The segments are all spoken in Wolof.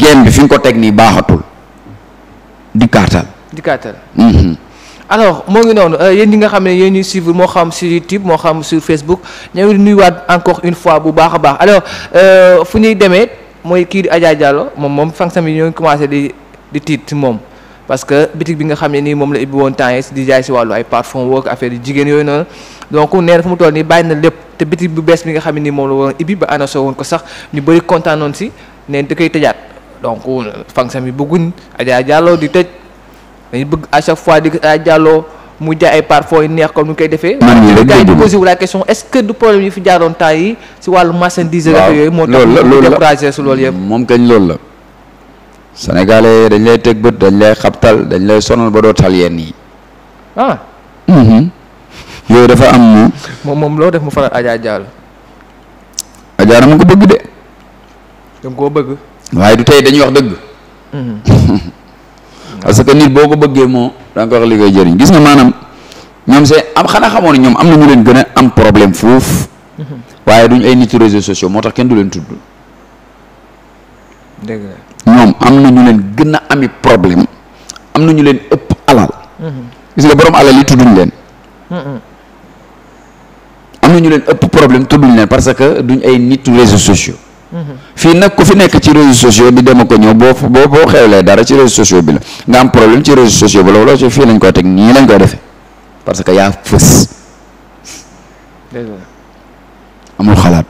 geen bi fi nga ko teg nii baaxatul di kaatal di kaatal mm-hmm. alors moo ngi noonu euh, yéen ñi nga xam ne yéen ñuy suivre moo xam sur YouTube moo xam sur Facebook ñoo ngi nuyuwaat encore une fois bu baax a baax alors euh, fu ñuy demee mooy kii di Adja moom moom fan yi ñoo commencé di di tiit moom parce que bitig bi nga xam ne nii moom la ibbi woon di jaay si wàllu ay parfum woog affaire yi jigéen yooyu noonu donc nee na fu mu nii bàyyi na lépp te bitig bu bees bi nga xam ne nii moom la waroon ibbi ba annoncé woon ko sax ñu bëri kontaanoon si neen da koy tëjaat. donc fonction bi bëgguñ Adja Diallo di tëj dañu bëgg à chaque fois di Adja Diallo mu jaay ay parfois yu neex comme ni koy defee. man mii rek di posé la question est-ce que du problème yi fi jaaroon temps yi si wàllu marchandise. waaw yooyu moo tax ñu découragé su loolu yëpp. moom kañ loolu la. dañ lay teg bët dañ lay xaptal dañ lay sonal ba doo tal yenn yi. ah. Mhm. yooyu dafa am. moom moom loo def mu faral Adja Diallo. Adja dama ko bëgg de. dama koo bëgg. waaye du tey dañuy wax dëgg mm-hmm. parce que nit boo ko bëggee moo da nga ko wax li jëriñ gis nga maanaam ñoom c'est am xanaa xamoon ñoom am na ñu leen gën a am problème foofu mm-hmm. waaye duñ ay nit réseaux sociaux moo tax kenn du leen tudd am na leen gën a ami problème am na ñu leen ëpp alal mm-hmm. gis nga borom alal yi tudduñ leen am na ñu leen ëpp problème tudduñ leen parce que duñ ay nit réseaux sociaux fii nag ku fi nekk ci réseaux sociaux bi dem ko ñëw boo boo boo xewlee dara ci réseaux sociaux bi la nga am problème ci réseaux sociaux bi la wala fii lañ koy teg nii lañ koy defee parce que yaa fës. amul xalaat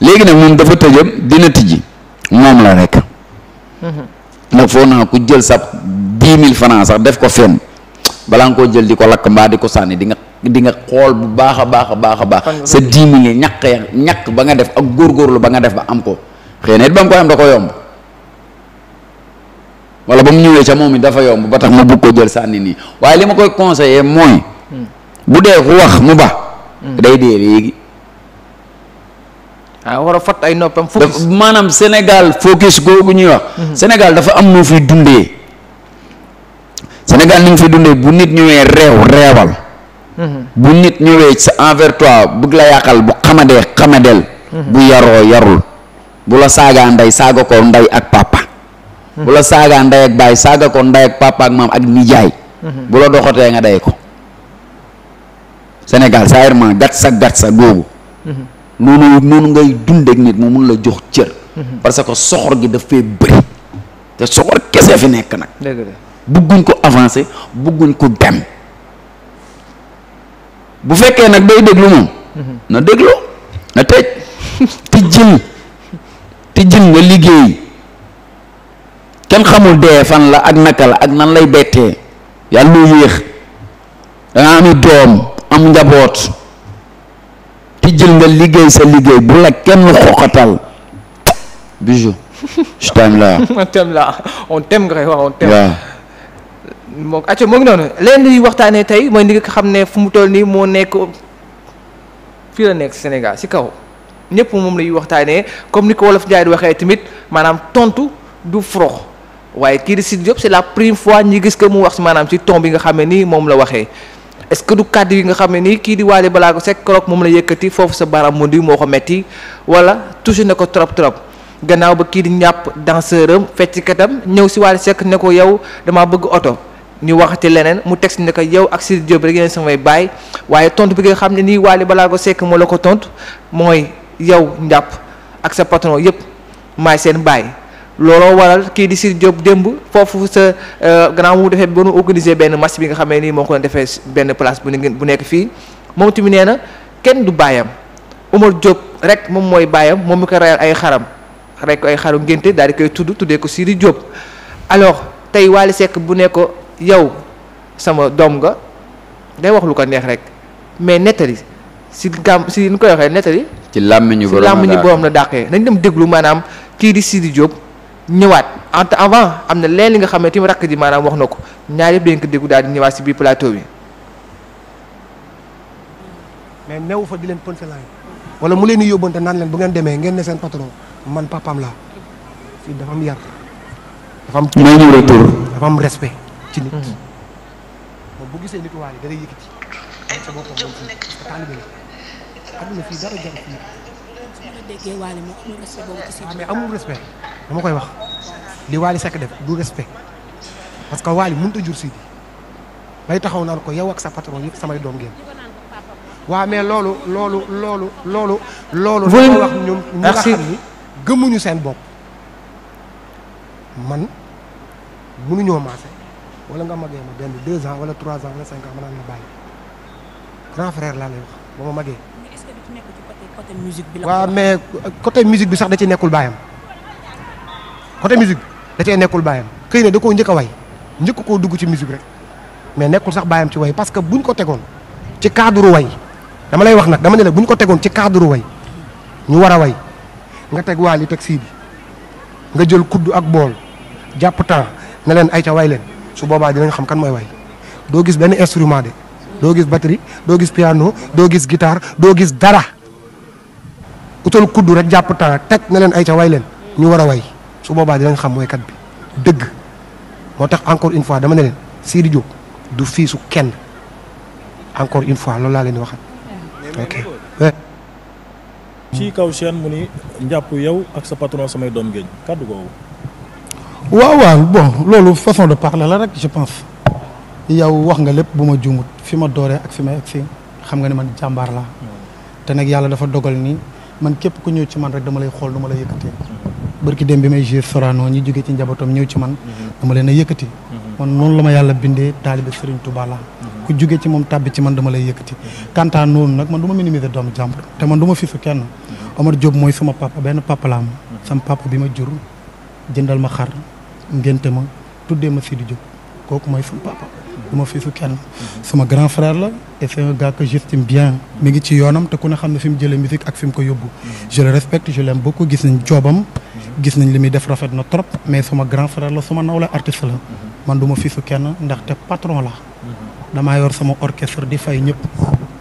léegi nag moom dafa tëjam dina tijji moom la rek. Mm-hmm. ndax foog naa ku jël sa dix mille francs sax def ko fenn balaa nga koo jël di ko lakk mbaa di ko sànni di di nga xool bu baax a baax a baax a baax sa dix mille ñaq ñàkk ba nga def ak góorgóorlu ba nga def ba am ko xëy na it ba mu koy am da ko yomb wala ba mu ñëwee ca moom it dafa yomb ba tax mu bugg ko jël sànni nii waaye li ma koy conseiller mooy hmm. bu ku wax mu ba hmm. day dee léegi ah, a fat ay noppam focus maanaam Sénégal focus googu ñuy wax hmm. Sénégal dafa am noo fiy dundee Sénégal ni ñu dundee bu nit ñëwee réew réewal Mm-hmm. bu nit ñëwee sa envers toi bëgg la yàqal bu xamadee xamadeel mm-hmm. bu yaroo yarul bu la saagaa ndey saaga ko ndey ak papa mm-hmm. bu la saagaa ndey ak baay saaga ko ndey ak papa ak maam ak nijaay bu la doxatee nga day ko Sénégal saa yerman gat sa gat sa googu noonu noonu ngay dund ak nit mu mun la jox cër parce que soxor gi dafay bëri te soxor kese fi nekk nag bëgguñ ko avancer bëgguñ ko dem bu fekkee nag day déglu moom na déglu na tëj tijjil nga liggéey kenn xamul dee fan la ak naka la ak nan lay bettee yàlla nu yéex danga ami doom am njaboot tijjil nga liggéey sa liggéey bu la kenn xoqatal bijou je t'aime moo acca moo ngi noonu leen yu waxtaanee tey mooy ni nga xam ne fu mu toll nii moo nekk fii la nekk Sénégal si kaw ñëpp moom la ñuy waxtaanee comme ni ko wolof Njaay di waxee tamit maanaam tontu du frox waaye kii di Sidy Diop c'est la première fois ñu gis que mu wax maanaam si ton bi nga xam ne nii moom la waxee est-ce que du kàdd yi nga xam ne nii kii di Wally ko Seck keroog moom la yëkkati foofu sa baram mu di moo ko metti wala touché na ko trop trop gannaaw kii di ñàpp danseuram fecc katam ñëw si Wally Seck ne ko yow damaa bëgg oto ñu waxati leneen mu teg si ne ak Sidy Diop rek yéen samay baay waaye tontu bi nga xam ne ni nii Waly Ballago Seck moo la ko tontu mooy yow njàpp ak sa patron yëpp maay seen baay. looloo waral kii di Sidy Diop démb foofu sa euh, gannaaw mu defee ba nu benn match bi nga xamee nii moo ko doon defee benn place bu bu nekk fii moom tamit nee na kenn du baayam Omar Diop rek moom mooy baayam moom mi ko reyal ay xaram rek ko ay xaru ngénte daal di koy tudd tuddee ko Sidy Diop alors tey Waly Seck bu ne yow sama doom nga day wax lu ko neex rek mais nettali si gam si ni koy waxee nettali. ci làmmiñu borom la dàqee làmmiñu borom la dàqee nañ dem déglu maanaam kii di Sidi Diop ñëwaat en avant am na leen li nga xam ne tamit rakk ji maanaam wax na ko ñaar yëpp dañ ko déglu daal di ñëwaat si biir plateau bi. mais newu fa di leen ponse laay wala mu leen di yóbbante naan leen bu ngeen demee ngeen ne seen patron man papaam laa si dafa am yar. dafa am. may ñëw retour ci nit. Mhm. moom bu gisee nit waa yi da lay yëkkati. ay sa boppam moom fii parce que taalibe la am na fii dara jar fii. su ma la déggee Waly moom amul respect boobu ci ah, mais amul respect dama koy wax li Waly Seck def du respect parce que Waly mënut a jur Sidi bay taxaw naan ko yow ak sa patron yëpp samay doom ngeen. waaw mais loolu loolu loolu loolu. loolu dafa wax ñun ñu nga xam ni gëmuñu seen bopp man mënuñoo maase. wala nga magee ma benn deux ans wala trois ans wala cinq ans la bàyyi ma magee. mais bi mais côté musique bi sax da ci nekkul baayam côté musique bi da cee nekkul baayam xëy na da koo njëkk a way njëkk koo dugg ci musique rek mais nekkul sax baayam ci way parce que buñ ko tegoon ci cadre way dama lay wax nag dama ne buñ ko tegoon ci cadre way ñu war a way nga teg waal yi teg sii bi nga jël kudd ak bool jàpp temps ne ay ca way leen. su boobaa dinañ xam kan mooy way doo gis benn instrument de doo gis batterie doo gis piano doo gis gitaar doo gis dara utal kuddu rek jàpp temps teg na leen ay ca way leen ñu war a way su boobaa dinañ xam waykat bi dëgg moo tax encore une fois dama ne leen Sidi Diop du fiisu kenn encore une fois loolu laa leen di waxat ok ci kaw chaîne mu ni njàpp yow ak sa patron samay doom géeñ kàddu waaw waaw bon loolu façon de parler la rek je pense yow wax nga lépp bu ma juumut fi ma dooree ak fi ma egsi xam nga ne man jàmbaar laa te nag yàlla dafa dogal nii man képp ku ñëw ci man rek dama lay xool dama lay yëkkatee barki dem bi may jouer Sorano ñi jóge ci njabootam ñëw ci man dama leen a yëkkati man noonu la ma yàlla bindee taalibe Serigne Touba laa ku jóge ci moom tàbbi ci man dama lay yëkkati kanta noonu nag man du ma minimiser doomu jàmbur te man du ma fisu kenn Omar Diop mooy sama papa benn papa laa am bi ma jur jëndal ma xar ngénte ma tuddee ma di Diop kooku mooy sama papa du ma fiisu kenn sama grand frère la et c'est un gars que bien mu ngi ci yoonam te ku ne xam ne fi mu jëlee musique ak fi mu ko yóbbu je le respecte je l'aime beaucoup gis nañ joobam gis nañ li muy def rafet na trop mais suma grand frère la sama nawle artiste la man du ma fiisu kenn ndaxte patron la damaa yor sama orchestre di fay ñëpp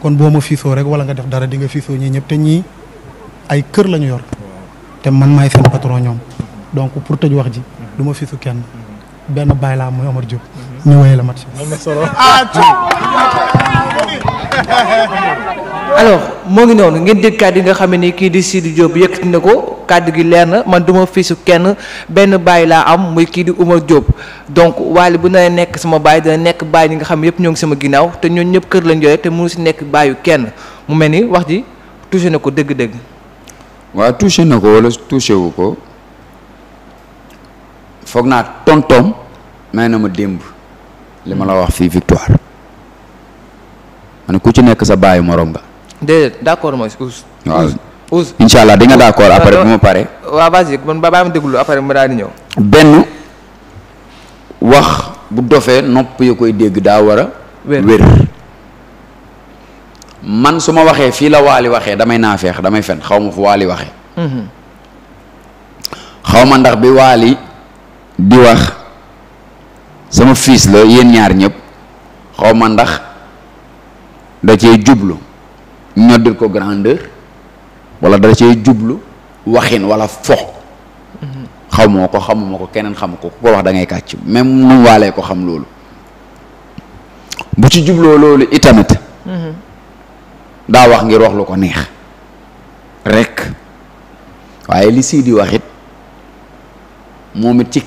kon boo ma fiisoo rek wala nga def dara di nga fiisoo ñii ñëpp te ñii ay kër la ñu yor te man maay seen patron ñoom donc pour tëj wax ji duma ma fisu kenn benn baay laa mooy Omar Diop. Mhm. ñu woyee ah, moo ngi noonu ngeen dégg kàddu yi nga xam ni kii di Sidi jóob yëkkati na ko kàdd gi leer na man duma ma fisu kenn benn baay laa am muy kii di Omar jóob donc waale bu na nekk sama baay dina nekk baay yi nga xam yëpp ñoo ngi sama ginnaaw te ñooñu ñëpp kër lañ joxe te mënu si nekk baayu kenn mu mel ni wax ji touché na ko dégg dégg waaw touché na ko wala touché wu ko. foog naa tontoom may na ma démb li ma la wax fii victoire ma ne ku ci nekk sa bàyyi morom nga. déedéet d'accord mooy Ousse. waaw Ousse. incha allah di nga d'accord après bu ma paree. waaw vas-y man ba ma déglu après ma daal ñëw. benn wax bu dofee nopp ya koy dégg daa war wér man su ma waxee fii la waali waxee damay naafeex damay fen xaw ma fu waali waxee. Mhm. xaw ma ndax bi waali di wax sama fils la yéen ñaar ñépp xaw ma ndax da cee jublu ñoddil ko grandeur wala da cee jublu waxin wala xaw xamoo ko xamuma ko keneen xamu ko ku ko wax da kàcc même nu waalee ko xam loolu bu ci jubloo loolu itamit daa wax ngir wax lu ko neex rek waaye li sii di wax moom it ci